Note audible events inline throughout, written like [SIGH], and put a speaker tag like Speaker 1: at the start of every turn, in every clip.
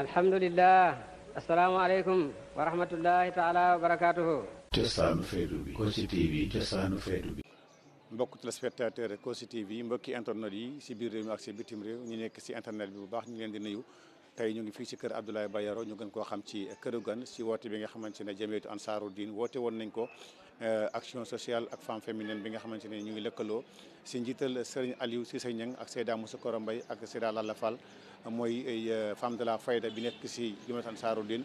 Speaker 1: alhamdulilah asalaamualeykum wa rahmatullahi taala wa barakaatuhu.
Speaker 2: cosaanu feetu bi Kossy TV cosaanu feetu bi. mbokk téléspectateur Kossy TV mbokki internet yi si biir réew mi ak si bitim réew ñu nekk si internet bi bu baax ñu leen di nuyu. tey ñu ngi fii ci kër Abdoulaye Bayero ñu gën koo xam ci këru gan ci woote bi nga xamante ne jamiyatu ansaaru diin woote woon nañ ko euh, action sociale ak femme féminine bi nga xamante ne ñu ngi lëkkaloo ci njiital Serigne Aliou Cissé Niang ak Seyda Moussa Koro ak Seyda moy ay euh, femme de la fayda bi nekk si Jumatal Ansaaruddin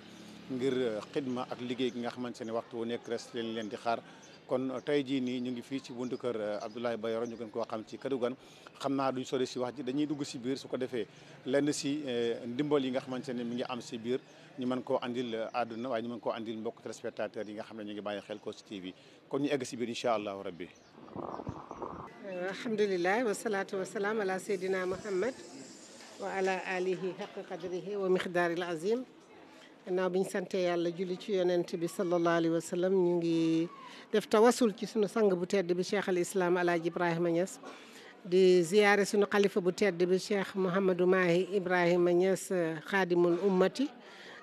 Speaker 2: ngir euh, xidma ak liggey gi nga xamanteni waxtu wu nekk res leen leen di xaar kon tay ji ni ñu ngi fi ci buntu keur Abdoulaye bayor ñu gën ko xam ci kadu gan xamna duñ sori si wax ji dañuy dugg ci biir su ko defé lenn ci euh, ndimbal yi nga xamanteni mi ngi am ci biir ñu mën ko andil aduna way ñu mën ko andil mbokk téléspectateur yi nga xam ñu ngi bàyyi xel ci TV kon ñu egg ci biir incha allahu rabbi
Speaker 1: alhamdulilah wasalaatu wasalaam ala sayidina Muhammad وعلى آله حق قدره ومقدار العظيم أنا بين سنت يالله جلي شيء أنا أنت صلى الله عليه وسلم يجي دفتر وصل كيسنا سانغ بوتير دبي شيخ الإسلام على إبراهيم نيس دي زيارة سنة خليفة بوتير دبي شيخ محمد ماهي إبراهيم نيس خادم أمتي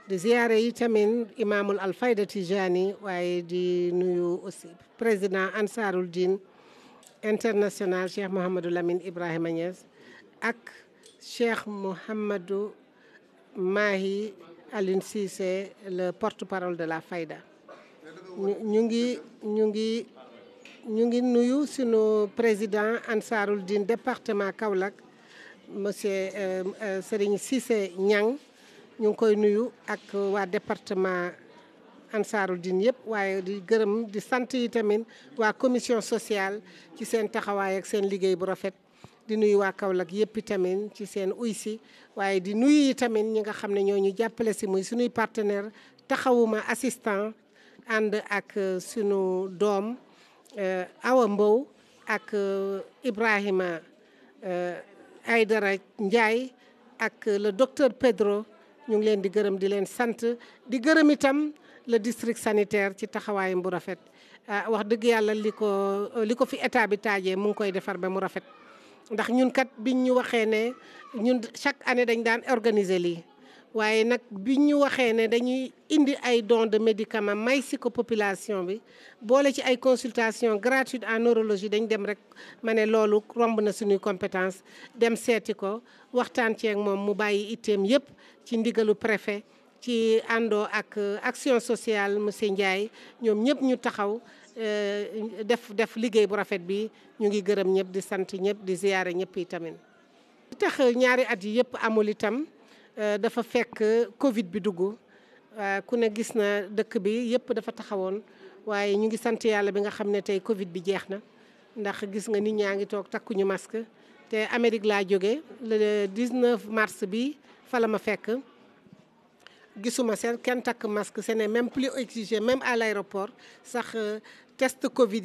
Speaker 1: دي زيارة يتمين إمام الألفايدة تجاني وعي دي نيو أسيب بريزنا أنصار الدين انترناسيونال شيخ محمد لامين إبراهيم نيس أك Cher Mohamedou Mahi Aline Cissé le porte-parole de la Faida. ñu ngi ñu ngi ñu ngi nuyu président Ansarul Din département Kaolack monsieur euh, euh, Serigne Cissé Niang ñu ngi koy nuyu ak département Ansarul Din yëpp waaye di gërëm di santé yi tamit commission sociale qui s'est taxawaay ak seen liggéey bu di nuyu waa Kaolack yëpp itamit ci seen uy si waaye di nuyu tamit ñi nga xam ne ñoo ñu jàppale si muy suñuy partenaire taxawuma assistant ànd ak euh, sunu doom euh, Awa Mbow ak euh, Ibrahima Aydara Ndiaye ak le docteur Pedro ñu ngi leen di gërëm di leen sant di gërëm itam le district sanitaire ci taxawaayam bu rafet ah, wax dëgg yàlla li ko li ko fi état bi taajee mu ngi koy defar ba mu rafet ndax ñun kat biñ ñu waxee ne ñun chaque année dañ daan organiser lii waaye nag biñ ñu waxee ne dañuy indi ay dons de médicaments may si ko population bi boole ci ay consultation gratuite en neurologie dañ dem rek ma ne loolu romb na suñuy compétence dem seeti ko waxtaan ak moom mu bàyyi itteem yépp ci ndigalu préfet ci àndoo ak action sociale monsieur Ndiaye ñoom ñépp ñu taxaw Euh, def def liggéey bu rafet bi ñu ngi gërëm ñëpp di sant ñëpp di ziyaare ñëpp itamit tamit tax euh, ñaari at yi yëpp amul itam euh, dafa fekk Covid bi dugg ku ne gis na dëkk bi yëpp dafa taxawoon waaye ñu ngi sant yàlla bi nga xam ne tey Covid bi jeex na ndax gis nga nit ñaa ngi toog takkuñu masque te Amérique laa jóge le mars bi fa la ma fekk. gisuma seen ken tak masque ce n'est même plus exigé même à l'aéroport sax euh, test Covid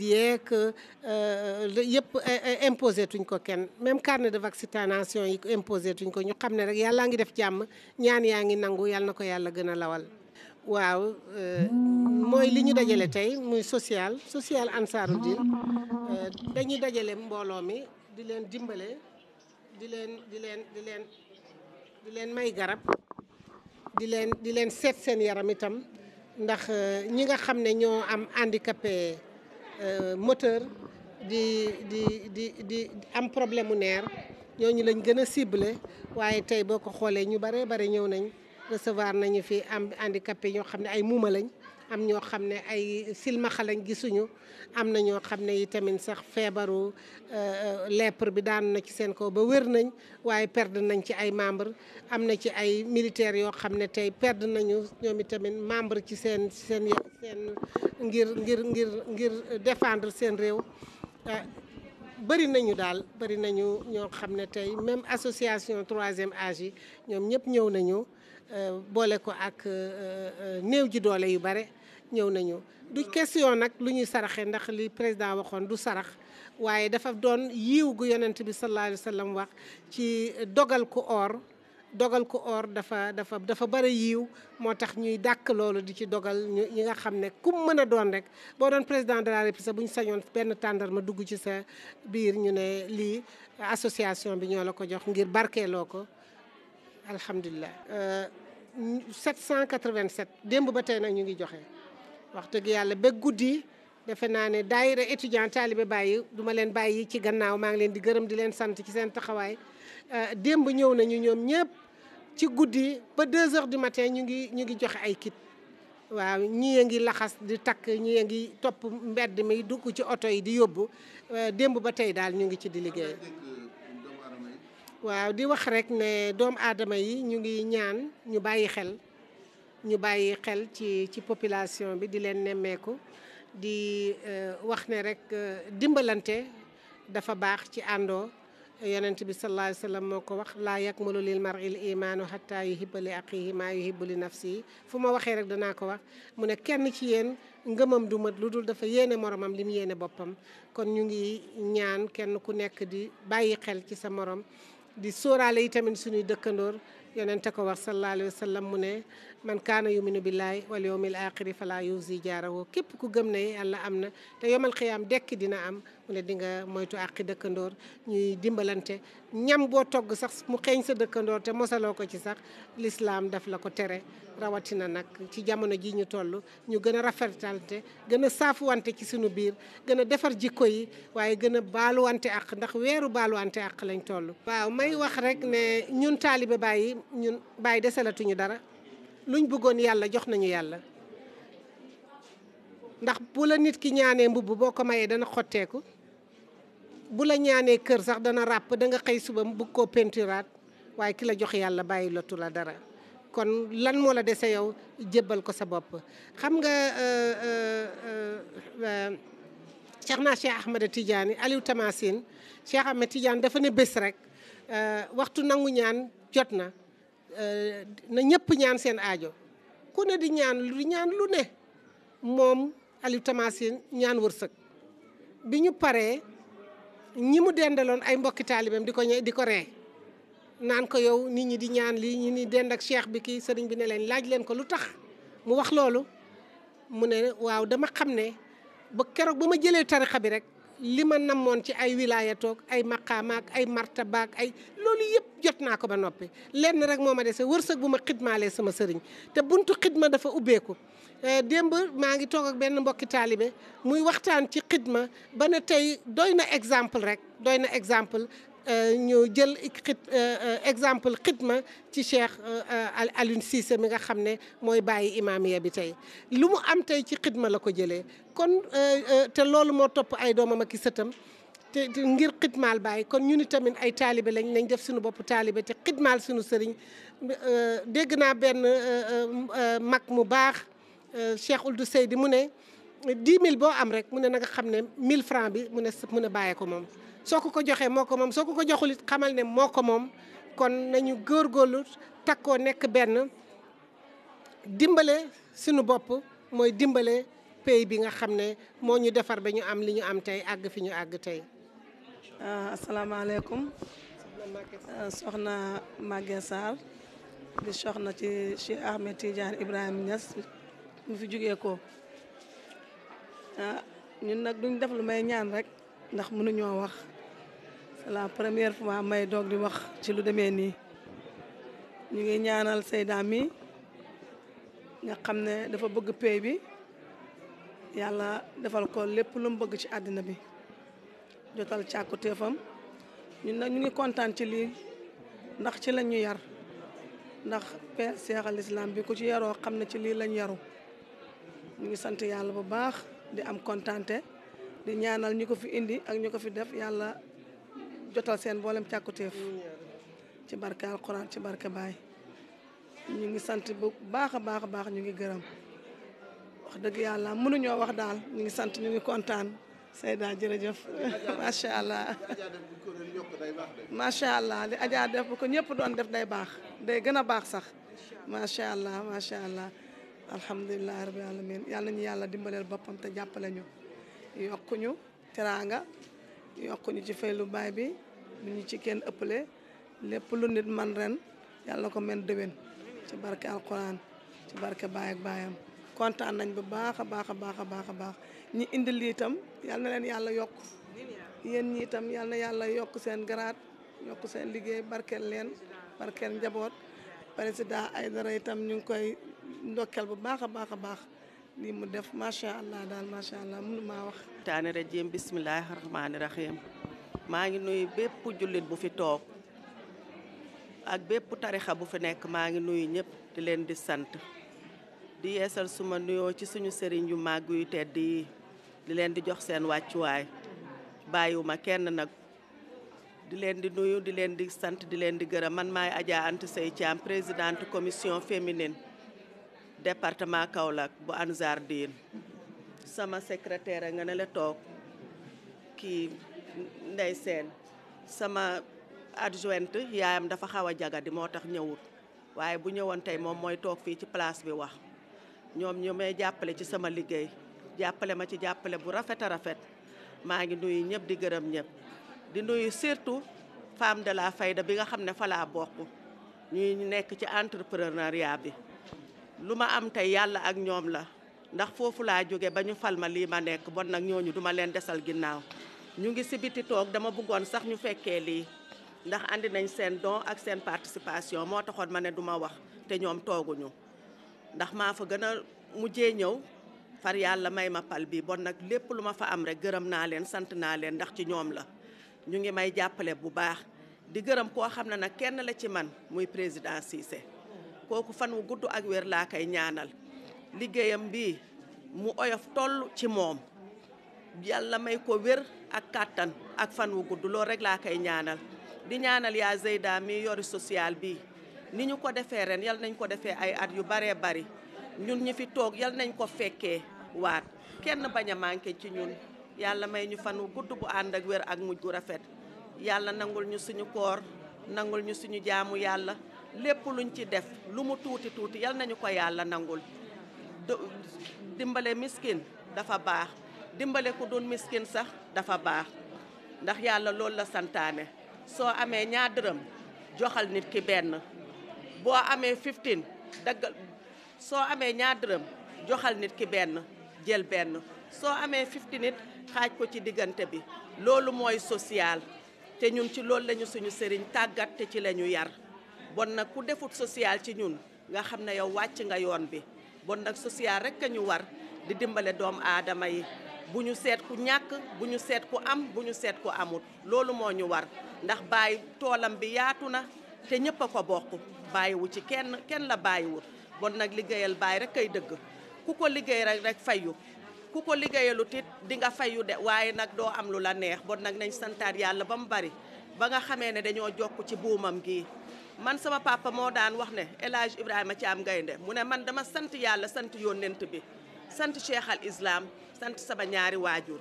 Speaker 1: euh, euh yëpp euh, imposé tuñ ko ken même carnet de vaccination yi imposé tuñ ko ñu xamné rek yalla nga def jamm ñaan ya nga nangu yalla nako yalla gëna lawal. waaw mooy li ñu dajale tey muy social social ansaruddin euh dañuy dajalé mbolo mi di len dimbalé di len di len di len di len may garab. di leen di leen seet seen yaram itam ndax euh, ñi nga xam ne ñoo am handicapé euh, moteur di di di di am problème mu neer ñooñu lañ gën a ciblé waaye tey boo ko xoolee ñu bare bare ñëw nañ. recevoir nañu fi am handicapé ñoo xam ne ay muuma lañ am ñoo xam ne ay silmaxa lañ gisuñu am na ñoo xam ne tamit sax feebaru euh, euh, lèpre bi daanu na ci seen kaw ba wër nañ waaye perd nañ ci ay membre am na ci ay militaires yoo xam ne tey perd nañu ñoom tamit membre ci seen seen ngir ngir ngir ngir défendre seen réew euh, bëri nañu daal bëri nañu ñoo xam ne tey même association troisième âge yi ñoom ñëpp ñëw nañu Euh, boole ko ak euh, euh, néew ji doole yu bare ñëw nañu du question nag lu ñuy saraxe ndax li président waxoon du sarax waaye dafa doon yiiw gu yonent bi sallallahu alayhi wa wax ci dogal ko or dogal ko or dafa dafa dafa bari yiiw moo tax ñuy dàkk loolu di ci dogal ñi nga xam ne ku mën a doon rek boo doon président de la république bu ñu sañoon benn tàndarma dugg ci sa biir ñu ne lii association bi ñoo la ko jox ngir barkeeloo ko alhamdulilah. 787 euh, démb ba tey nag ñu ngi joxe wax dëgg yàlla ba guddi defe naa ne daay daayira étudiant taalibe bàyyi duma leen bàyyi ci gannaaw maa ngi leen di gërëm di leen sant ci seen taxawaay euh, démb ñëw nañu ñoom ñëpp ci guddi ba 2 heures du matin ñu ngi ñu ngi joxe ay kit. waaw ñii ngi laxas di takk ñii ngi topp mbedd mi dugg ci oto yi di yóbbu euh, démb ba tey daal ñu ngi ci di liggéey. waaw di wax rek ne doomu aadama yi ñu ngi ñaan ñu bàyyi xel ñu bàyyi xel ci ci population bi di leen nemmeeku di euh, wax ne rek euh, dimbalante dafa baax ci àndoo yonent bi sallallahu alayhi wa sallam moo ko wax laa ma yakmulu lil mar'il imaanu hatta yuhibba li axihi maa yuhibbu li nafsihi fu ma waxee rek danaa ko wax mu ne kenn ci yéen ngëmam du mat lu dul dafa yéene moromam lim yéene boppam kon ñu ngi ñaan kenn ku nekk di bàyyi xel ci sa morom di sóoraale yi tamit suñuy dëkkandoor yonente ko wax sallallahu alayhi wa mu ne man kaana yuminu billahi wal yawmil axiri fala yuzi jaarawo képp ku gëm ne yàlla am na te yomal xiyaam dekki dina am mu ne di moytu àqi dëkkandoor ñuy dimbalante ñam boo togg sax mu xeeñ sa dëkkandoor te mosaloo ko ci sax lislaam daf la ko tere rawatina nag ci jamono ji ñu toll ñu gën a rafetante gën a saafuwante ci suñu biir gën a defar jikko yi waaye gën a baaluwante ak ndax weeru baaluwante àq lañ toll. waaw may wax rek ne ñun taalibe bàyyi ñun Baye desalatuñu dara luñ bëggoon yàlla jox nañu yàlla ndax bu la nit ki ñaanee mbubb boo ko mayee dana xotteeku bu la ñaanee kër sax dana ràpp danga xëy suba mu bëgg koo penturaat waaye ki la jox yàlla bàyyi lotu la dara. kon lan mo la déssé yow djébal ko sa bop xam nga euh euh, euh euh Cheikhna Cheikh Ahmed Tidiane Aliou Tamassine Cheikh Ahmed Tidiane dafa né bëss rek euh waxtu nangu ñaan jotna euh na ñëpp ñaan seen aajo ku ne di ñaan lu ñaan lu ne mom Aliou Tamassine ñaan wërseuk biñu paré ñi mu dëndalon ay mbokk talibam diko ko diko ko naan ko yow nit ñi di ñaan lii ñu ni dend ak cheikh bi kii sëriñ bi ne leen laaj leen ko lu tax mu wax loolu mu ne waaw dama xam ne ba keroog bu ma jëlee tarixa bi rek li ma namoon ci ay wilaayatoog ay maqaamaak ay martabaak ay loolu yëpp jot naa ko ba noppi lenn rek moo ma dese wërsëg bu ma xidmaalee sama sëriñ te buntu xidma dafa ubbeeku eh, démb maa ngi toog ak benn mbokki taalibe muy waxtaan ci xidma ba ne tey doy na exemple rek doy na exemple ñu jël exemple xitma ci Cheikh Alioune Cissé mi nga xam ne mooy bàyyi bi tey lu mu am tey ci xitma la ko jëlee kon te loolu moo topp ay doomam ak i te ngir xitmaal bàyyi kon ñu ni tamit ay taalibe lañ nañ def suñu bopp taalibe te xitmaal suñu sëriñ dégg naa benn mag mu baax Cheikh Ould Seydi mu ne 10 000 am rek mu ne nga xam 1000 francs bi mu ne mu ne bàyyee ko moom soo ko ko joxee moo ko moom soo ko ko joxul xamal ne moo ko moom kon nañu góorgóorlu takkoo nekk benn dimbale suñu bopp mooy dimbale pays bi nga xam ne moo ñu defar ba ñu am li ñu am tey àgg fi ñu àgg tey. Ah, asalaamaaleykum. Ah, soxna Maguette Sarr di soxna ci
Speaker 3: Cheikh Ahmed Tidiane Ibrahima Niass mu fi jógee ko ah, ñun nag duñ def lu may ñaan rek ndax mënuñoo wax la première fois may doog di wax ci lu demee nii ñu ngi ñaanal Seyda mi nga xam ne dafa bëgg pay bi yàlla defal ko lépp lum bëgg ci àddina bi jotal càkkutéefam ñun nag ñu ngi kontaan ci lii ndax ci lañ ñu yar ndax père Cheikh Islam bi ku ci yaroo xam ne ci lii lañ yaru ñu ngi sant yàlla bu baax di am kontaante di ñaanal ñu ko fi indi ak ñu ko fi def yàlla jotal seen mboolem càkkutéef ci barke alxuraan ci barke baay ñu ngi sant bu baax a baax a baax ñu ngi gërëm wax dëgg yàlla mënuñoo wax daal ñu ngi sant ñu ngi kontaan Seyda jërëjëf [LAUGHS] macha allah macha allah li Adja def bu ko ñëpp doon def day baax day gën a baax sax macha allah macha allah alhamdulilah rabbil alamin yàlla ñu yàlla dimbaleel boppam te jàppale ñu yokkuñu teraanga yokk ñu ci lu baay bi bu ñu ci kenn ëppale lépp lu nit man ren yàlla ko menn déwén ci barke alquran ci barke baay ak baayam kontaan nañ bu baax a baax a baax a baax a baax ñi indi lii itam yal na leen yàlla yokk yéen ñi itam yal na yàlla yokk seen garaat yokk seen liggéey barkeel leen barkeel njaboot président Aïdara itam ñu ngi koy ndokkel bu baax a baax a baax lii mu def macha allah daal macha allah mënu maa wax.
Speaker 4: taani rajim bismillahi rahmaani rahim maa ngi nuyu bépp jullit bu fi toog ak bépp tarixa bu fi nekk maa ngi nuyu ñëpp di leen di sant di yeesal suma nuyoo ci suñu sëriñ yu màgg yu tedd yi di leen di jox seen wàccuwaay bàyyiwuma kenn nag di leen di nuyu di leen di sant di leen di gërëm man maay Adja Anta Sey Thiam présidente commission féminine. département Kaolack bu Ansar Dine sama secrétaire nga ne la toog kii Ndeye Sène sama adjointe yaayam dafa xaw a jagadi moo tax ñëwut waaye bu ñëwoon tey moom mooy toog fii ci place bi wax ñoom ñu may jàppale ci sama liggéey jàppale ma ci jàppale bu rafet a rafet maa ngi nuyu ñëpp di gërëm ñëpp di nuyu surtout femme de la fayda bi nga xam ne fa laa bokk ñuy nekk ci entrepreneuriat bi lu ma am tey yàlla ak ñoom la ndax foofu laa jóge ba ñu fal ma lii ma nekk bon nag ñooñu duma leen desal ginnaaw ñu ngi si biti toog dama bëggoon sax ñu fekkee lii ndax andi nañ seen don ak seen participation moo taxoon ma ne duma wax te ñoom tooguñu ndax maa fa gën a mujjee ñëw far yàlla may ma pal bii bon nag lépp lu ma fa am rek gërëm naa leen sant naa leen ndax ci ñoom la ñu ngi may jàppale bu baax di gërëm koo xam ne nag kenn la ci man muy président Cissé kooku fan wu gudd ak wér laa koy ñaanal liggéeyam bi mu oyof toll ci moom yàlla may ko wér ak kàttan ak fan wu gudd loolu rekk laa koy ñaanal di ñaanal yaa Zeyda mi yori social bi ni ñu ko defee ren yal nañ ko defee ay at yu baree bari ñun ñi fi toog yal nañ ko fekkee waat kenn bañ a manqué ci ñun yàlla may ñu fan wu gudd bu ànd ak wér ak mujj gu rafet yàlla nangul ñu suñu koor nangul ñu suñu jaamu yàlla lépp lu luñ ci def lu mu tuuti tuuti yal nañu ko yàlla nangul dimbale miskin dafa baax dimbale ku dun miskin sax dafa baax ndax yàlla loolu la santaane soo amee ñaar dërëm joxal nit ki benn boo amee 15 daggal soo amee ñaar dërëm joxal nit ki benn jël benn soo amee 15 xaaj ko ci diggante bi loolu mooy social te ñun ci loolu lañu suñu sëriñ tàggat te ci lañu yar bon nag ku defut social ci ñun nga xam ne yow wàcc nga yoon bi bon nag social rek a ñu war di dimbale doom aadama yi bu ñu seet ku ñàkk bu ñu seet ku am bu ñu seet ku amut loolu moo ñu war ndax bàyyi toolam bi yaatu na te ñëpp a ko bokk bàyyiwu ci kenn kenn la bàyyiwut bon nag liggéeyal bàyyi rek ay dëgg ku ko liggéey rek rek fayu ku ko liggéeyalut it di nga fayu de waaye nag doo am lu la neex bon nag nañ santaat yàlla ba mu bari ba nga xamee ne dañoo jokk ci buumam gi man sama papa moo daan wax ne El Hadj ci am Gaynde mu ne man dama sant yàlla sant yónnent bi sant cheikh islaam islam sant sama ñaari waajur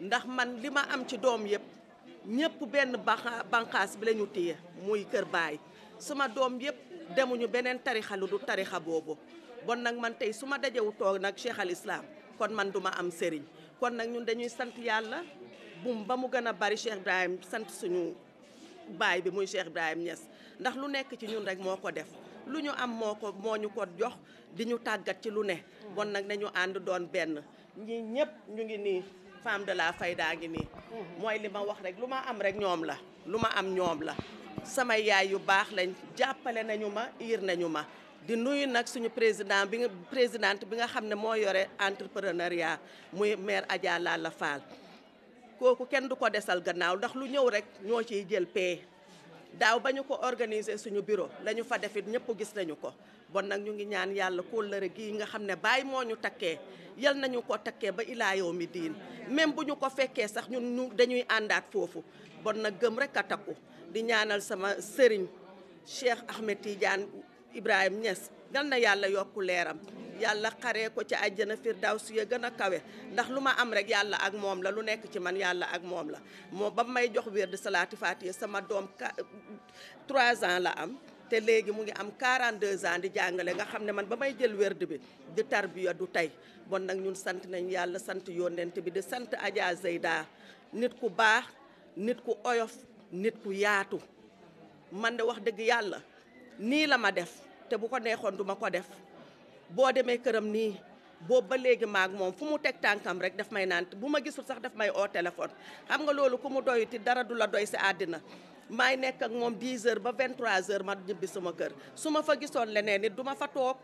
Speaker 4: ndax man li ma am ci doom yëpp ñëpp benn banqaas bi la ñu téye muy kër baay sama doom yëpp demuñu beneen tarixa lu du tarixa boobu bon nag man tey su ma dajewu toog nag cheikh islaam kon man duma am sëriñ kon nag ñun dañuy sant yàlla bum ba mu gën a bari cheikh ibrahim sant suñu baay bi muy cheikh ibrahim Niass ndax lu nekk ci ñun rek moo ko def lu ñu am moo ko moo ñu ko jox di ñu tàggat ci lu ne bon nag nañu ànd doon benn ñi ñëpp ñu ngi nii femme de la fayda ngi nii mooy li ma wax rek lu ma am rek ñoom la lu ma am ñoom la sama yaay yu baax lañ jàppale nañu ma iir nañu ma di nuyu nag suñu président bi nga présidente bi nga xam ne moo yore entrepreneuriat muy maire Adja la Fall kooku kenn du ko desal gannaaw ndax lu ñëw rek ñoo ciy jël paie daaw ba ñu ko organiser suñu bureau la ñu fa defit ñëpp gis nañu ko bon nag ñu ngi ñaan yàlla kóllëre gi nga xam ne bàyyi moo ñu takkee yal nañu ko takkee ba ilaa yow mi diin même bu ñu ko fekkee sax ñun ñu dañuy àndaat foofu bon nag gëm rek a takku di ñaanal sama sëriñ Cheikh Ahmed Tidiane Ibrahim ñes dal na yàlla yokku leeram yàlla xaree ko ci àjjana firdaws si gën a kawe ndax lu ma am rek yàlla ak moom la lu nekk ci man yàlla ak moom la moom ba may jox wér di salaati faatiha sama doom trois ans la am te léegi mu ngi am 42 ans di jàngale nga xam ne man ba may jël werd bi di tarbiya du tey bon nag ñun sant nañ yàlla sant yónnent bi di sant Adja Zeyda nit ku baax nit ku oyof nit ku yaatu man de wax dëgg yàlla nii la ma def te bu ko neexoon duma ko def boo demee këram nii boobu ba léegi maag moom fu mu teg tànkam rek daf may naan bu ma gisul sax daf may oo téléphone xam nga loolu ku mu doyuti dara du la doy si àddina maay nekk ak moom 10 heures ba 23 heures ma ñibbi sama kër su ma fa gisoon leneen nit du ma fa toog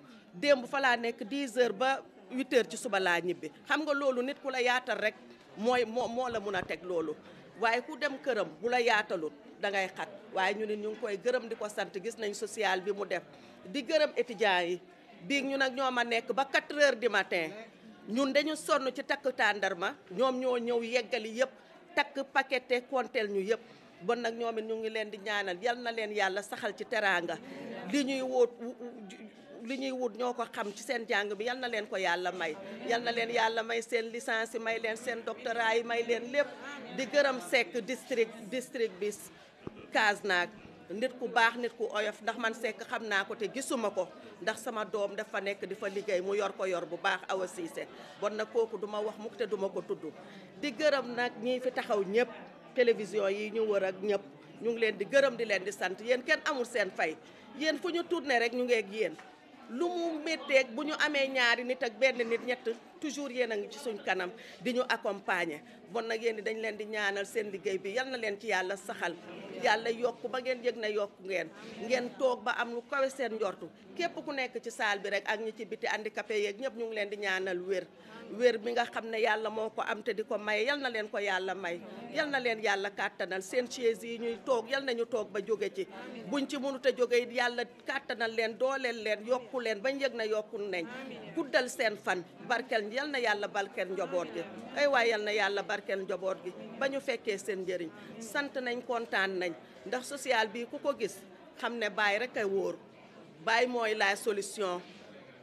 Speaker 4: démb fa laa nekk 10 heures ba 8 ci suba laa ñibbi xam nga loolu nit ku la yaatal rek mooy moo moo la mun a teg loolu waaye ku dem këram bu la yaatalu da ngay xat waaye ñu ne ñu ngi koy gërëm di ko sant gis nañ sociale bi mu dem di gërëm étudiants yi biig ñu nag ñoo ma nekk ba 4 heures du matin ñun dañu sonn ci takk tàndarma ñoom ñoo ñëw yeggali yëpp takk paquete konteel ñu yëpp bon nag ñoom ñu ngi leen di ñaanal yal na leen yàlla saxal ci teraanga li ñuy woo li ñuy wut ñoo ko xam ci seen jàng bi yal na leen ko yàlla may yal na leen yàlla may seen licence yi may leen seen doctorat yi may leen lépp di gërëm sekk district district bi kaas naag nit ku baax nit ku oyof ndax man sekk xam naa ko te gisuma ko ndax sama doom dafa nekk di fa liggéey mu yor ko yor bu baax awa siise bon na kooku duma wax mukk te duma ko tudd di gërëm nag ñii fi taxaw ñëpp télévision yi ñu wër ak ñëpp ñu ngi leen di gërëm di leen di sant yéen kenn amul seen fay yéen fu ñu tourné rek ñu ngeeg yéen lu mu métteeg bu ñu amee ñaari nit ak benn nit ñett toujours yéen a ngi ci suñ kanam di ñu accompagner bon na yéen dañ leen di ñaanal seen liggéey bi yal na leen ci yàlla saxal yàlla yokk ba ngeen yëg ne yokk ngeen ngeen toog ba am lu kawe seen njortu képp ku nekk ci saal bi rek ak ñi ci biti handicapé yeeg ñëpp ñu ngi leen di ñaanal wér wér bi nga xam ne yàlla moo ko am te di ko may yal na leen ko yàlla may yal na leen yàlla kàttanal seen chaise yi ñuy toog yal nañu toog ba jóge ci buñ ci mënut te jóge it yàlla kàttanal leen dooleel leen yokku leen bañ yëg na yokku nañ guddal seen fan barkel yal na yàlla barkel njaboot gi ay waay gi ndax social bi ku ko gis xam ne bàyyi rek a wóor bàyyi mooy la solution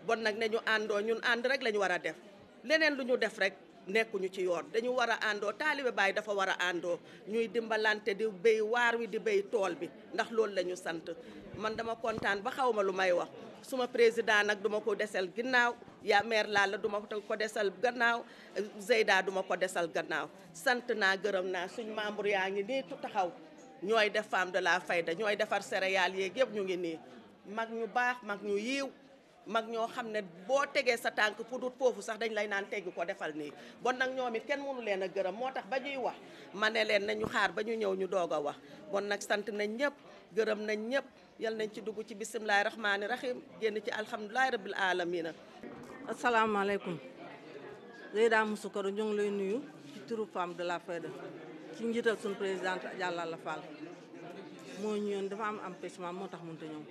Speaker 4: bon nag ne ñu àndoo ñun ànd rek la ñu war a def leneen lu ñu def rek nekkuñu ci yoon dañu war a àndoo taalibe Baay dafa war a àndoo ñuy dimbalante di béy waar wi di béy tool bi ndax loolu la ñu sant man dama kontaan ba xawma lu may wax suma président nag duma ko desal ginnaaw yaa maire laa la duma ko desal gannaaw Zeyda duma ko desal gannaaw sant naa gërëm naa suñ membre yaa ngi nii taxaw ñoy def fam de la fayda ñoy defar céréales yeek yeb ñu ngi ni mag ñu bax mag ñu yiw mag ñoo xamne bo tege sa tank fu dut foofu sax dañ lay naan teggi ko defal ni bon nak ñoomi it kenn mënu leena a motax ba ñuy wax ma nañu xaar ba ñu ñew ñu doog wax bon nak sant nañ nañ yal nañ ci dugg ci bismillahir rahmanir rahim genn ci alamin
Speaker 5: assalamu alamina asalaamaaleykum Zeyda Moussoukoro ñu ngi lay nuyu ci turu fam de la fayda ci njiital suñu présidente Adja la Fall moo ñëwoon dafa am empêchement moo tax mënut te ñëw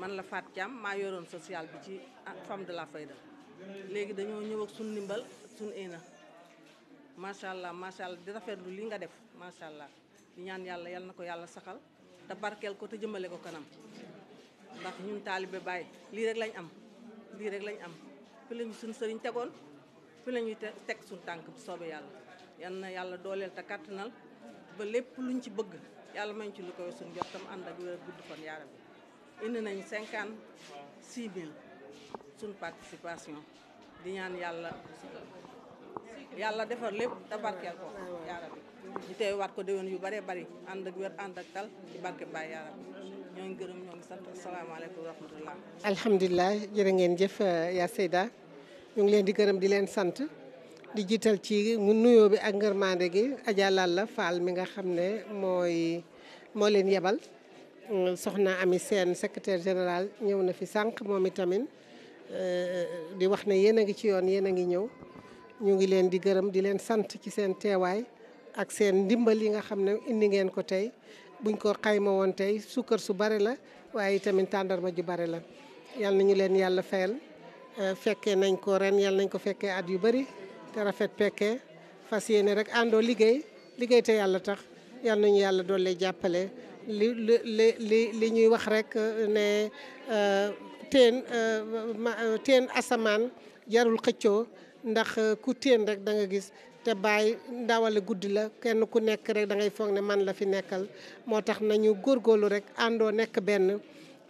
Speaker 5: man la Fat Thiam maa yoroon sociale bi ci femme de la fayda léegi dañoo ñëw ak suñu ndimbal suñu eena macha allah macha allah di rafetlu li nga def macha allah di ñaan yàlla yal na ko yàlla saxal te barkeel ko te jëmale ko kanam ndax ñun taalibe Baay lii rek lañ am lii rek lañ am fi lañu suñu sëriñ tegoon fi la ñuy teg suñu tànk bu soobee yàlla. yalla na yàlla dooleel te kàttanal ba lepp luñ ci bëgg yalla mañ ci lu koy suñu jot tam ànd ak wér gudd fan yaara bi indi nañ 56000 six participation di ñaan yalla yalla defal lepp ta barkel ko yaara bi ñu tey waat ko deewon yu bare bare and ak wër and ak tal ci barke baay yaara bi ñoy ngi gërëm sant assalamu alaykum wa rahmatullah
Speaker 1: alhamdulilah jere ngeen jëf ya Seyda ñu ngi leen di gërëm di leen sant Digital jiital ci mu nuyo bi ak ngërmande gi Adja la fal mi nga xamne ne mo len yebal mm, soxna Ami sen secrétaire général ñew na fi sànq moom euh, di wax ne yeena ngi ci yoon yeena ngi ñëw ñu ngi len di gërëm di len sante ci sen téway ak sen dimbal yi nga xamne indi ngeen ko tay buñ ko xayma woon tey sukkar su bare la waye itamit tandarma ju bare la yal ñu len yalla fayal euh, nañ ko ren yalla nañ ko at yu bari rafet pekke fas yéene rek àndoo liggéey liggéey te yàlla tax yal nañu yàlla doole jàppale li li li ñuy wax rek euh, ne euh, teen euh, teen asamaan jarul xëccoo ndax ku teen rek da nga gis te bàyyi ndawale guddi la kenn ku nekk rek da ngay foog ne man la fi nekkal moo tax nañu góorgóorlu rek àndoo nekk benn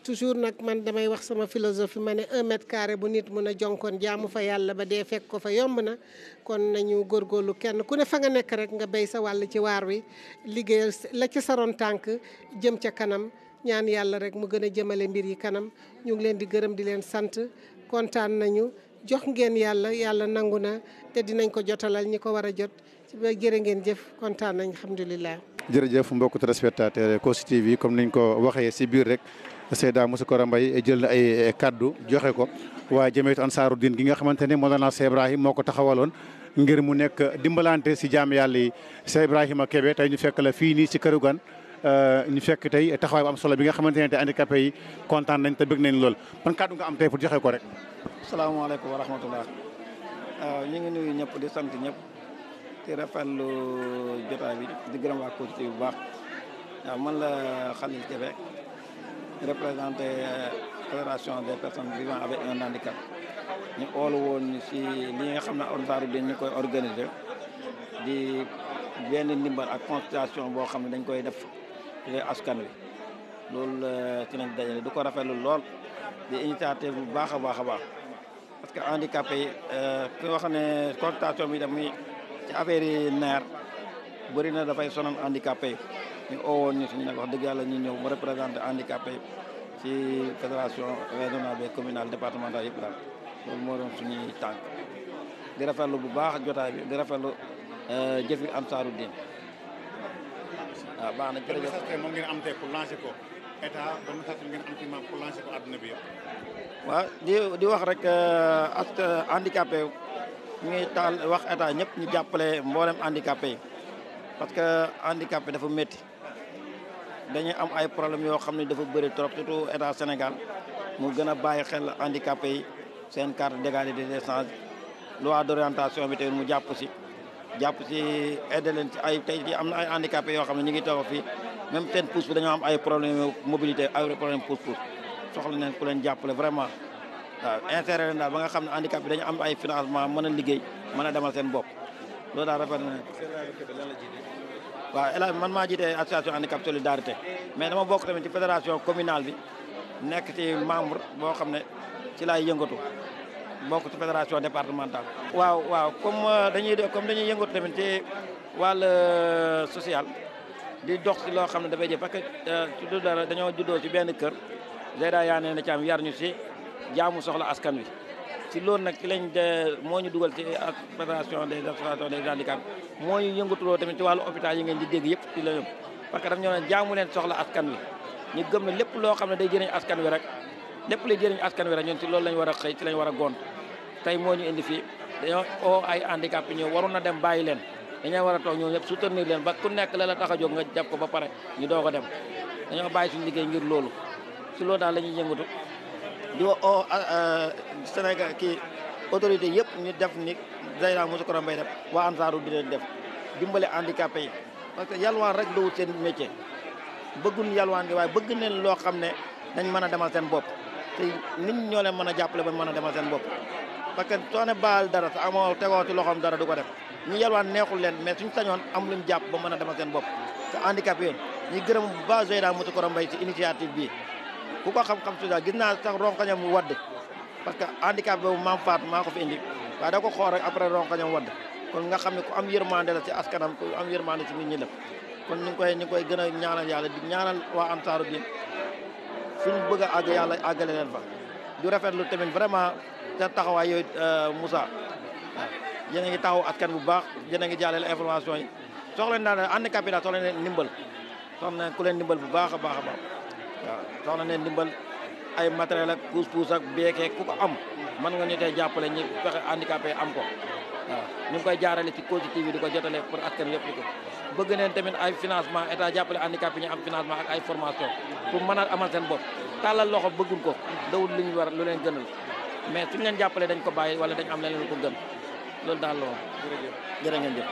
Speaker 1: toujours nag man damay wax sama philosophie ma ne un mètre bu nit mun a jonkoon jaamu fa yàlla ba dee fekk ko fa yomb na kon nañu góorgóorlu kenn ku ne fa nga nekk rek nga béy sa wàll ci waar wi liggéeyal la ci saroon tànk jëm ca kanam ñaan yàlla rek mu gën a jëmale mbir yi kanam ñu ngi leen di gërëm di leen sant kontaan nañu jox ngeen yàlla yàlla nangu na te dinañ ko jotalal ñi ko war a jot jërë ngeen jëf kontaan nañ alhamdulilah.
Speaker 2: jërëjëf mbokku téléspectateur Kossy TV comme niñ ko waxee si biir rek. Seyda Moussoukoro mbay jël na ay eh, kaddu joxe ko waaye an ansaaru diin gi nga xamante ne Mawlana Cheikh Ibrahim moo ko taxawaloon ngir mu nekk dimbalante si jaam yàlla yi Cheikh Ibrahima Kébé tey ñu fekk la fii nii si këru gan eh, ñu fekk tey taxawaay bu am solo bi nga xamante ne te handicapé yi kontaan nañ te bëgg nañ lool ban kaddu nga am tey pour joxe ko rek.
Speaker 6: salaamaaleykum wa rahmatullah eh, ñu ngi ñëpp di sant ñëpp di rafetlu di gërëm waa bu baax man la Khalil représenté euh, fédération des personnes vivant avec handicap ñu oolu woon si li nga xam ne ordre bi ñu koy organisé di benn ndimbal ak consultation boo xam ne dañ koy def ci askan wi loolu euh, ci nañ dajale du ko rafetlu lool di initiative bu baax a baax a baax parce que handicapé yi euh, ki wax ne consultation bi damuy ci affaire yi neer bëri na dafay sonal handicapé yi ñu oowoon ñu suñu nag wax dëgg yàlla ñu ñëw mu représenté handicapé ci fédération bi yëpp daal loolu moo doon suñuy tànk di rafetlu bu baax euh, ba di di wax rek euh, ak euh, handicapé ñu ngi taal wax état ñëpp ñu jàppale mboolem handicapé parce que handicapé dafa métti dañuy am ay problème yo xamni dafa bëri trop surtout état Sénégal mu gëna a xel handicapé yi seen carte d'égalité des chances loi d'orientation bi té mu japp ci japp ci aide ay tay di am ay handicapé yo xamni ñi ngi toog fii même sen pousse dañu am ay problème mobilité ay problème pousse pousse soxla neen ku leen jappalé vraiment intérêt insérer leen daal ba nga xamni handicap bi dañu am ay financement mëna liggéey mëna démal sen bop lo da daal rafet na waaw El man maa jiite association handicap solidarité mais dama bokk tamit ci fédération communale bi nekk ci membre boo xam ne ci laay yëngatu bokk ci fédération départementale. waaw waaw comme euh, dañuy comme dañuy yëngatu tamit ci wàll euh, social di dox ci loo xam ne dafay jëf parce que euh, dara dañoo juddoo ci benn kër Zeyda yaa ne na ci am yar ñu si jaamu soxla askan wi. ci loolu nag ci lañ moo ñu dugal ci ak fédération des associations des handicaps moo ñu yëngatuloo tamit ci wàllu hôpital yi ngeen di dégg yëpp ci la ñoom parce que daf ñoo ne jaamu leen soxla askan wi ñu gëm ne lépp loo xam ne day jëriñ askan wi rek lépp lay jëriñ askan wi rek ñun ci loolu lañ war a xëy ci lañ war a gont tey moo ñu indi fii dañoo oo ay handicap yi ñëw waroon na dem bàyyi leen dañoo war a toog ñoom ñëpp soutenir leen ba ku nekk la la tax a jóg nga jàpp ko ba pare ñu doog a dem dañoo bàyyi suñu liggéey ngir loolu ci loolu daal la ñuy yëngatu di wa o oh, ah, ah, Sénégal kii autorité yëpp ñu def ni Zeyna Moussa Koro Mbaye def waa Ansaaru di leen def dimbale handicapé parce que yalwaan rek dowut seen métier bëgguñ yalwaan gi waaye bëgg neen loo xam ne dañ mën a demal seen bopp te nit ñoo leen mën a jàppale ba mën a demal seen bopp parce que soo ne baal dara te amoon tegoo ci loxoom dara du ko def ñu yalwaan neexul leen mais suñ sañoon am luñ jàpp ba mën a demal seen bopp te handicapé yoon gërëm bu baax Zeyna Moussa Koro Mbaye ci initiative bii ku ko xam-xam suda gis naa sax ronkañam wad parce que handicap boobu mam fat mako fi indi waaye da ko xor rek après ronkañam wad kon nga xam ne ku am yermande la ci askanam ku am yermande ci nit ñi la kon ni koy ni koy gëna ñaanal yalla di ñaanal wa ansaaru bi suñu bëgg ag yalla agale len leen fa du lu tamen vraiment seen taxaway yoy euh, Moussa yene ngi taxaw askan bu baax yene ngi jàllale information yi soxla naa handicapé daal soxla na ndimbal na ku len nimbal bu baax a baax soxla ne ndimbal ay matériel ak pousse-pousse ak beekee ku ko am mën nga ñu tey jàppale ñi fexe handicapé am ko waaw ñu ngi koy jaarale ci Kossy TV ko jotale pour askan yëpp ko bëgg neen tamit ay financement état jàppale handicapé ñu am financement ak ay formation pour mën a amal seen bopp tàllal loxo bëggul ko dawul lu ñu war lu leen gënal mais suñu leen jàppale dañ ko bàyyi wala dañ am leneen lu ko gën loolu daal la woon. jërë ngeen jëf.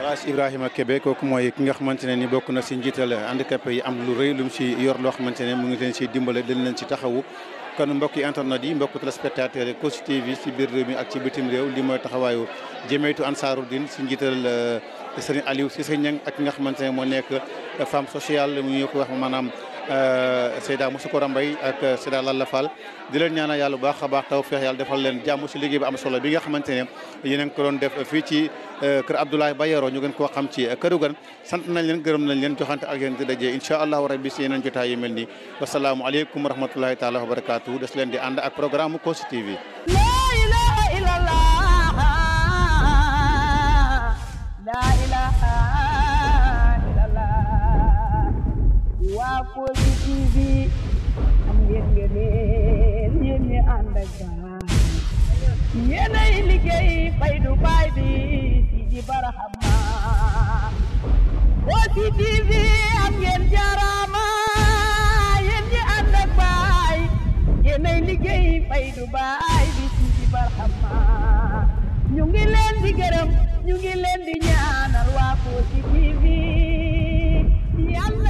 Speaker 2: Alaaji Ibrahima Kébé kooku mooy ki nga xamante ne ni bokk na si njiital handicapé yi am lu rëy lu mu si yor loo xamante ne mu ngi leen ci dimbale dañ leen ci taxawu. kon mbokki internet yi mbokki téléspectateurs yi Kossy TV si biir réew mi ak ci bitim réew li mooy taxawaayu jëmeetu Ansaarud-Din si njiital eh, Serigne Aliou Cissé Niang ak ki nga xamante moo nekk eh, femme sociale mu ñu ko wax maanaam. seda euh, Seyda Moussoukoro mbay ak Seyda Lalla Fall di leen ñaanal yàlla bu baax a baax taw feex yàlla defal leen jàmm si liggéey bi am solo bi nga xamante ne yéen a ngi ko def fii ci euh, kër Abdoulaye Bayero ñu gën koo xam ci euh, këru gan sant nañ leen gërëm nañ leen joxante ak yéen di daje incha allahu rabbi si yeneen jotaay yu mel nii wasalaamualeykum wa rahmatullahi taala wa barakaatu des leen di ànd ak programme Kossy TV
Speaker 1: Kossy TV am ngeen ngeen yéen ñi ànd
Speaker 4: ak liggéey fay du baay bi si ji barahama Kossy am ngeen jaaraama yéen ñi ànd ak baay yéenay liggéey fay bi si ji barahama ñu leen di gërëm ñu leen di ñaanal waa Kossy TV yàlla